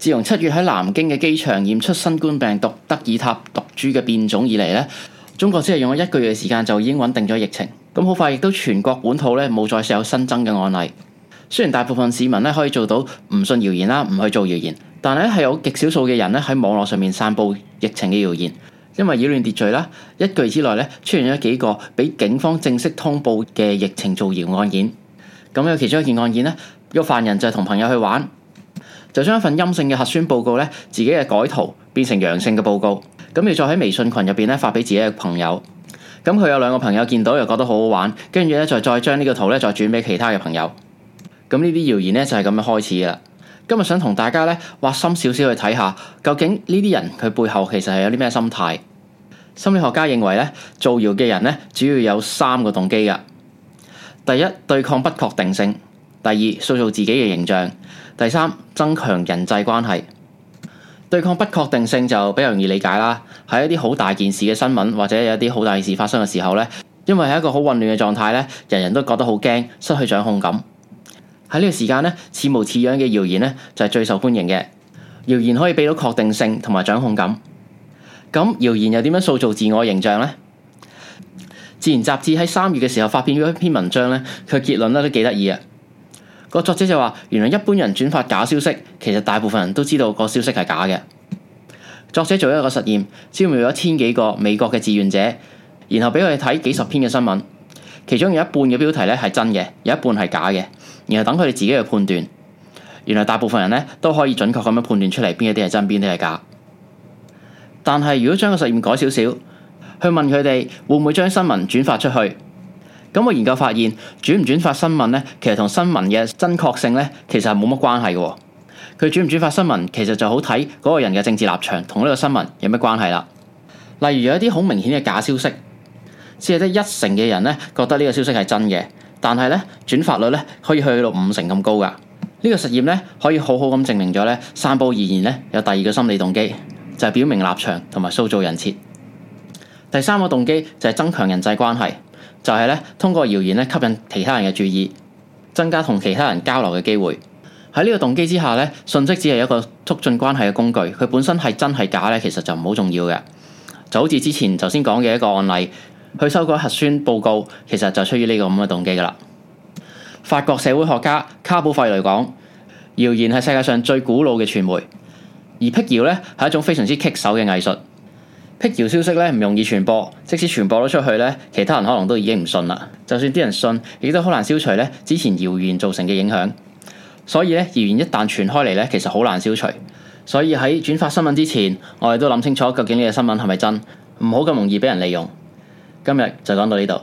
自從七月喺南京嘅機場驗出新冠病毒德爾塔毒株嘅變種以嚟呢，中國只係用咗一個月嘅時間就已經穩定咗疫情。咁好快亦都全國本土呢冇再有新增嘅案例。雖然大部分市民呢可以做到唔信謠言啦，唔去做謠言，但係咧係有極少數嘅人呢喺網絡上面散佈疫情嘅謠言，因為擾亂秩序啦。一個月之內呢，出現咗幾個俾警方正式通報嘅疫情造謠案件。咁有其中一件案件呢，個犯人就係同朋友去玩。就將一份陰性嘅核酸報告咧，自己嘅改圖變成陽性嘅報告，咁要再喺微信群入邊咧發俾自己嘅朋友。咁佢有兩個朋友見到又覺得好好玩，跟住咧就再將呢個圖咧再轉俾其他嘅朋友。咁呢啲謠言咧就係咁樣開始嘅啦。今日想同大家咧挖深少少去睇下，究竟呢啲人佢背後其實係有啲咩心態？心理學家認為咧，造謠嘅人咧主要有三個動機㗎。第一，對抗不確定性。第二，塑造自己嘅形象，第三，增強人際關係。對抗不確定性就比較容易理解啦。喺一啲好大件事嘅新聞或者有一啲好大事發生嘅時候咧，因為係一個好混亂嘅狀態咧，人人都覺得好驚，失去掌控感。喺呢個時間咧，似模似樣嘅謠言咧就係最受歡迎嘅。謠言可以俾到確定性同埋掌控感。咁謠言又點樣塑造自我形象咧？《自然》雜誌喺三月嘅時候發表咗一篇文章咧，佢結論咧都幾得意啊！個作者就話：原來一般人轉發假消息，其實大部分人都知道個消息係假嘅。作者做一個實驗，招募咗千幾個美國嘅志願者，然後俾佢哋睇幾十篇嘅新聞，其中有一半嘅標題咧係真嘅，有一半係假嘅，然後等佢哋自己去判斷。原來大部分人咧都可以準確咁樣判斷出嚟邊一啲係真，邊啲係假。但係如果將個實驗改少少，去問佢哋會唔會將新聞轉發出去？咁我研究發現，轉唔轉發新聞咧，其實同新聞嘅真確性咧，其實係冇乜關係嘅、哦。佢轉唔轉發新聞，其實就好睇嗰個人嘅政治立場同呢個新聞有咩關係啦。例如有一啲好明顯嘅假消息，只係得一成嘅人咧覺得呢個消息係真嘅，但係咧轉發率咧可以去到五成咁高噶。呢、呢個實驗咧可以好好咁證明咗咧，散布謠言咧有第二個心理動機，就係、是、表明立場同埋塑造人設。第三個動機就係增強人際關係。就係咧，通過謠言咧吸引其他人嘅注意，增加同其他人交流嘅機會。喺呢個動機之下咧，信息只係一個促進關係嘅工具，佢本身係真係假咧，其實就唔好重要嘅。就好似之前頭先講嘅一個案例，去修改核酸報告，其實就出於呢個咁嘅動機噶啦。法國社會學家卡普費嚟講：謠言係世界上最古老嘅傳媒，而辟謠咧係一種非常之棘手嘅藝術。闢謠消息咧唔容易傳播，即使傳播咗出去咧，其他人可能都已經唔信啦。就算啲人信，亦都好難消除咧之前謠言造成嘅影響。所以咧，謠言一旦傳開嚟咧，其實好難消除。所以喺轉發新聞之前，我哋都諗清楚究竟呢個新聞係咪真，唔好咁容易俾人利用。今日就講到呢度。